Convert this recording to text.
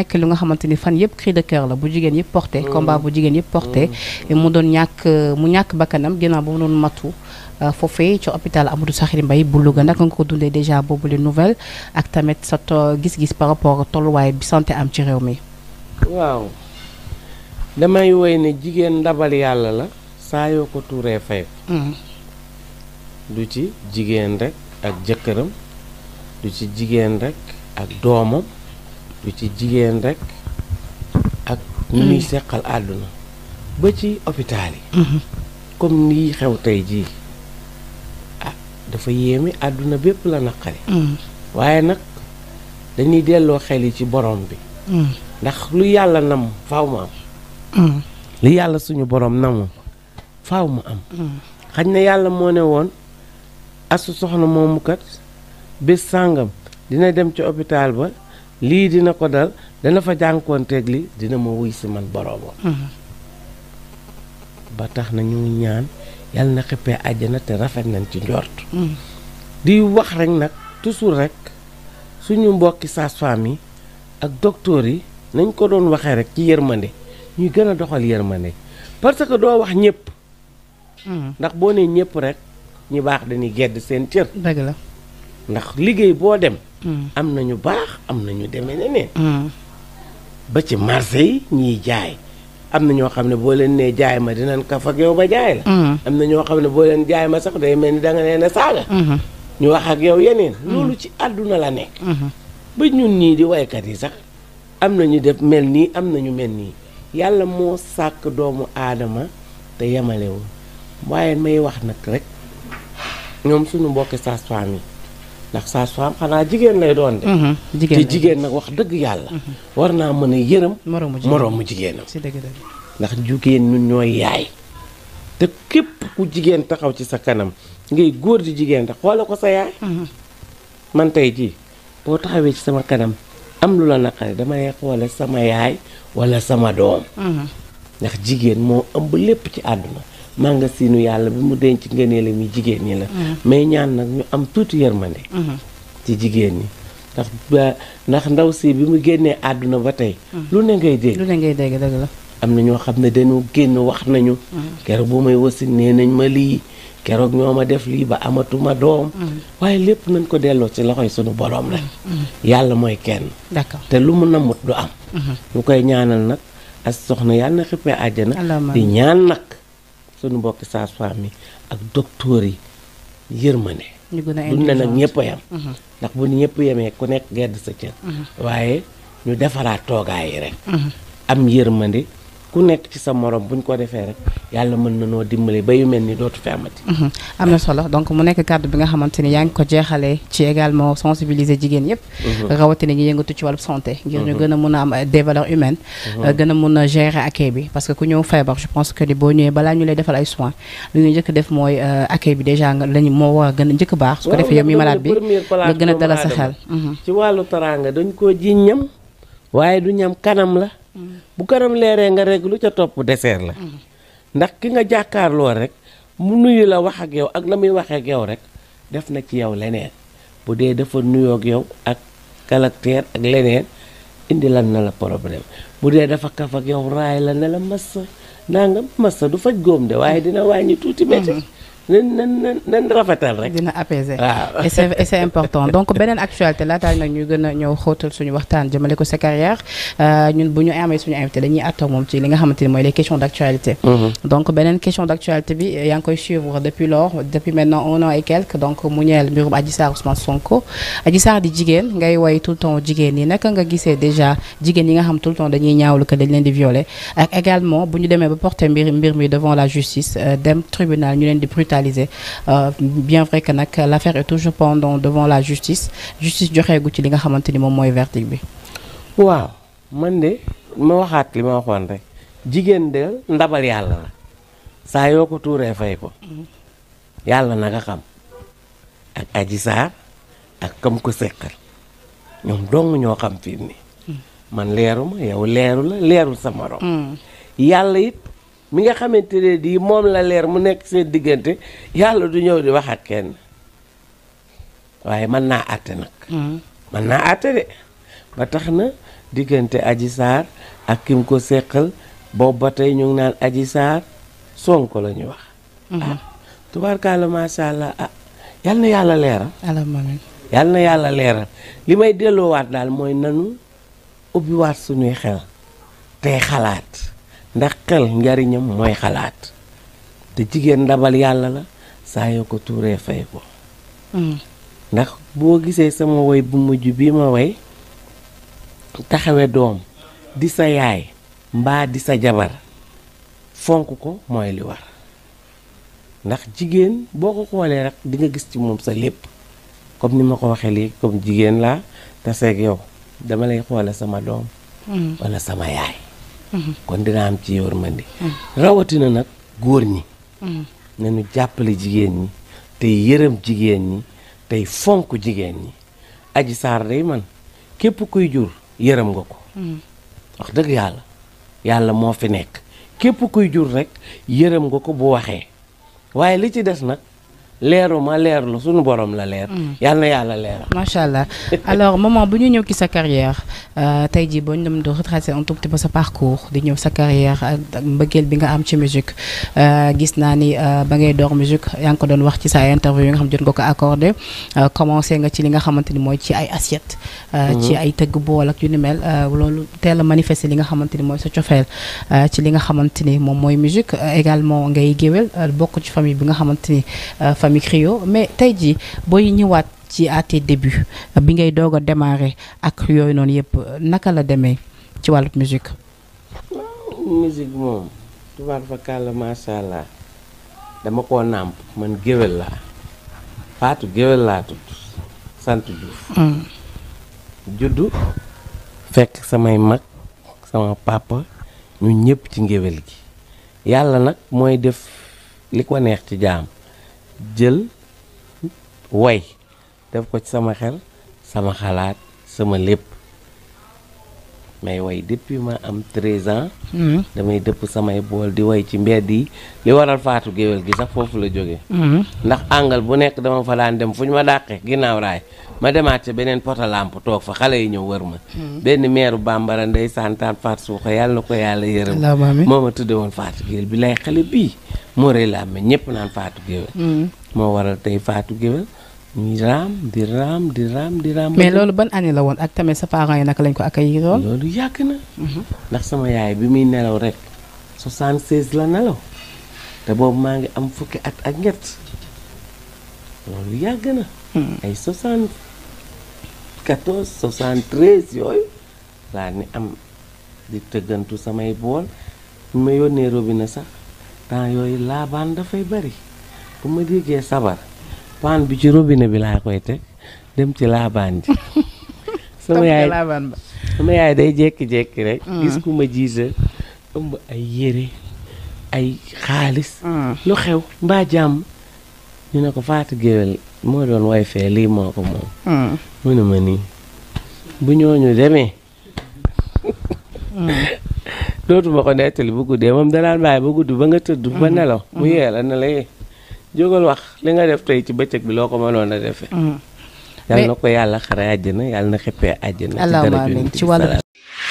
nekk lu nga xamante ni fan yëpp cri de la bu jigéen yëpp porté oh. combat bu jigéen yëpp porté oh. mu doon ñàkk mu ñàkk bakkanam ginnaaw ba mu doon matu euh, foofee ci hôpital Amadou Sakhir Mbaye bu Louga naka nga ko dundee déjà boobu les nouvelle ak tamit sa gis-gis par rapport tolluwaay bi santé am ci réew mi waaw damay woy ne jigéen ndabal yàlla la saa yoo ko tuuree fay mm. du ci jigéen rek ak jëkkëram du ci jigéen rek ak doomam du ci jigéen rekk ak ñu muy mm. seqal àdduna ba ci hôpital yi mm-hmm. comme nii xew tey jii ah dafa yéeme àdduna bépp la naqari mm. waaye nag dañuy delloo xel yi ci borom bi mm. ndax lu yàlla nam faaw mu am lu yàlla suñu borom namu faw ma am xaj na yàlla moo ne woon astu soxna moomu kat bés sàngam dina dem ci hôpital ba lii dina ko dal dana fa jànkoonteeg li dina ma wuy si man boroomam mm-hmm. ba tax nañu ñaan yàlla na xippee àjjana te rafet nañ ci njort mm-hmm. di wax rek nag toujours rek suñu mbokki sage-femme yi ak docteur yi nañ ko doon waxee rek ci yërmande ñuy gën a doxal yërmande parce que doo wax ñëpp mm-hmm. ndax boo nee ñëpp rek ñi baax dañuy gedd seen cër dëgg la ndax liggéey boo dem. Hmm. am na ñu baax am na ñu demee neneen. Hmm. ba ci marché yi ñiy jaay. am na ñoo xam ne boo leen nee jaay ma kaf ak yow ba jaay hmm. am na ñoo xam ne boo leen jaay sax day mel ni danga leen a saaga. ñu wax ak yow yeneen. loolu ci àdduna la nekk. ba ñun nii di waykat yi sax am na ñu def mel nii am na ñu mel nii yàlla moo sàkk doomu aadama te yemalewul waaye may wax nag rek ñoom suñu mbokki saas-faam yi ndax sage-femme xanaa jigéen lay doon de. Mhm, jigéen te jigéen nag wax dëgg yàlla. Mhm. war naa mën a yërëm. moroomu jigéenam ndax jigéen ñun ñooy yaay. te képp ku jigéen taxaw ci sa kanam ngay góor di jigéen rek xoole ko sa yaay. Mhm. man tey jii boo taxawee ci sama kanam am lu la naqare damay xoole sama yaay wala sama doom. ndax jigéen moo ëmb lépp ci àdduna. màngasinu yàlla bi mu denc ngëneelam yi jigéen ñi la mm-hmm. mais ñaan nag ñu am tuuti yërmande mm-hmm. ci jigéen ñi ndax ndax ndaw si bi mu génnee àdduna ba tey mm-hmm. lu ne ngay dégg lu dégg la am na ñoo xam ne dañu génn wax nañu keroog bu may wasin nee nañ ma lii keroog ñoo ma def lii ba amatuma doom waaye lépp nañ ko delloo ci loxoy sunu boroom la yàlla mooy kenn d'accord te lu mu namut du am ñu koy ñaanal nag as soxna yàlla na xippee àjjana di ñaan nag suñu mbokki sage-femme yi ak docteur yi yërmane ñu gën a ne nag ñëpp ndax bu ñëpp yemee ku nekk gedd sa cër mhm. waaye ñu defaraat toogaay yi rek mhm. am yërmande ku nekk ci sa morom buñ ko defee rek yàlla mën na noo dimbali ba yu mel ni dootu fi mhm. am na solo donc mu nekk kàddu bi nga xamante ni yaa ngi ko jeexalee ci également sensibiliser jigéen yëpp. Mhm. rawatina ñi yëngatu ci wàllu santé. ngir ñu mhm. gën a mun a am euh, des valeurs humaines. Euh, gën a mun a gérer accueil bi parce que ku ñëw feebar je pense que ni boo ñëwee balaa ñu lay defal ay soins lu ñu njëkk def mooy euh, accueil bi déjà nga lañu moo war a njëkk baax. su ko defee yow mi malade bi nga a dalal sa xel. ci du ñam la bu kanam leeree nga rek lu ca topp deseer la mm-hmm. ndax ki nga jàkkaarloo rek mu nuyu la wax ak yow ak la muy waxee ak yow rek def na ci yow leneen bu dee dafa nuyoog yow ak caractère ak leneen indi lan na la problème bu dee dafa kaf ak yow raay la ne la massa naa nga massa du faj góom de waaye dina wàññi tuuti métti mm-hmm. nen nen nen rafetal rek. dina apaiser waaw et c'est important donc beneen actualité laataal nag ñu gën a ñëw xóotal suñu waxtaan jëmale ko sa carrière euh, ñun bu ñu amee suñu invité dañuy àtt ak moom ci li nga xamante ni mooy les questions d'actualité. Mm-hmm. donc beneen question d'actualité bi yaa ngi koy suivre depuis lors depuis maintenant un di jigéen ngay woy tout le temps jigéen yi nga xam tout le temps dañuy ñaawlu que dañ leen di violer ak également bu ñu demee ba porter mbir mbir mi devant la justice euh, dem tribunal ñu leen di brutal hospitalisé euh, bien vrai que nag la l'affaire est toujours pendant devant la justice justice joxeegu ci li nga xamante ni moom mooy verdict bi. waaw man de ma waxaat li ma waxoon rek jigéen de ndabal yàlla la saa yoo ko tuuree fay ko yàlla na nga xam ak aji saar ak kam ko seqal ñoom dong ñoo xam fii mm. man leeru ma yow leeru la leerul sa morom. Mm. yàlla it mi nga xamante ne di moom la leer mu nekk seen diggante yàlla du ñëw di wax ak kenn waaye mën naa àtte nag mm. mën naa àtte de ba tax na diggante aji saar ak kim ko seqal boobu ba tey ñu ngi naan aji saar sonko la ñuy wax mm-hmm. ah tubaarkaala macha allah ah yal yàlla leeral yal na yàlla leeral li may delloowaat daal mooy nanu ubbiwaat suñuy xel tey xalaat ndax xel njariñam mooy xalaat te jigéen ndabal yàlla la saa yoo ko tuuree fay ko mm. ndax boo gisee sama woy bu mujj bi ma woy taxawe doom di sa yaay mbaa di sa jabar fonk ko mooy li war ndax jigéen boo ko xoolee rek dinga gis ci moom sa lépp comme ni ma ko waxee léegi comme jigéen laa taseeg yow dama lay xoole sama doom mm. wala sama yaay kon dina am ci yërmande rawatina nag góor ñi nañu jàppale jigéen ñi tey yërëm jigéen ñi tey fonk jigéen ñi aji saar day man képp kuy jur yërëm nga ko wax dëgg yàlla yàlla moo fi nekk képp kuy jur rekk yërëm nga ko bu waxee waaye li ci des nag leeru ma leer lu suñu borom la leer. Mm. yal na yàlla leer. macha allah alors maman bu ñu ñëw ci sa carrière euh, tey jii boo ñu doon di retracer un tout petit peu sa parcours di ñëw sa carrière ak mbëggeel bi nga am ci musique euh, gis naa ni euh, ba ngay door musique yaa ngi ko doon wax ci sa interview yi nga xam jot nga ko accordé commencé nga ci li nga xamante ni mooy ci ay assiette ci mm-hmm. ay tëgg bool ak yu ni mel loolu teel a manifester li nga xamante ni mooy sa cofeel ci li nga xamante ni moom mooy musique également ngay géwél bokk ci famille bi nga xamante ni famille Crio mais tey jii booy ñëwaat ci à tes bi ngay doog a démarrer ak yooyu noonu yëpp naka la demee ci wàll musique. waaw musique moom tubaab fa kàlla macha allah dama koo nàmp man géwél la Fatou géwél laa tudd sant Diouf. Mm. juddu fekk samay mag sama papa ñun ñëpp ci ngéwél gi yàlla nag mooy def li ko neex ci jaam. jël woy def ko ci sama xel sama xalaat sama lépp mais way depuis ma am 13 ans. Hmm. damay dëpp samay bool di way ci mbedd yi li waral faatu géwél gi sax foofu la jógee. Hmm. ndax àngal bu nekk dama fa daan dem fu ñu ma dàqee ginnaaw raay ma demaat ca beneen poto lampe toog fa xale yi ñëw wër ma. Hmm. benn meeru bambara ndey santaan faatu su ko yàlla ko yàlla yërëm. alaamaaleykum moo ma tudde woon faatu géwél bi lay xale bii moo rey laa amee ñëpp naan faatu géwél. moo waral tey faatu géwél. ñuy raam di raam mais loolu ban année la woon ak tamit sa parents yi naka lañ ko accueillir lool. loolu yàgg na. Mhm. ndax sama yaay bi muy nelaw rek 76 la nelaw te boobu maa ngi am fukki at ak nget loolu yàgg na. Mhm. ay 74 73 yooyu laa ni am di tëggantu samay bool ma yónnee robine sax temps yooyu laabaan dafay bari bu ma déggee sabar. paan bi ci robinet bi laa koy teg dem ci laabaan ji sama yaay day jékki-jékki rek mm. gis ku ma jiise ëmb ay yére ay xaalis mm. lu xew mbaa jàmm ñu ne ko faatu géwél moo doon way fee lii moo ko moom mm. mu ne ma nii bu ñooñu demee dootuma ko nettali bu guddee moom danaan bàyyi ba gudd ba nga tëdd ba mm-hmm. nelaw mu mm-hmm. yee la jógal wax li nga def tey ci bëccëg bi loo ko mënoon a defee. Mm. yàlla na ko yàlla xare àjjana yàlla na xëppee àjjana. ci dara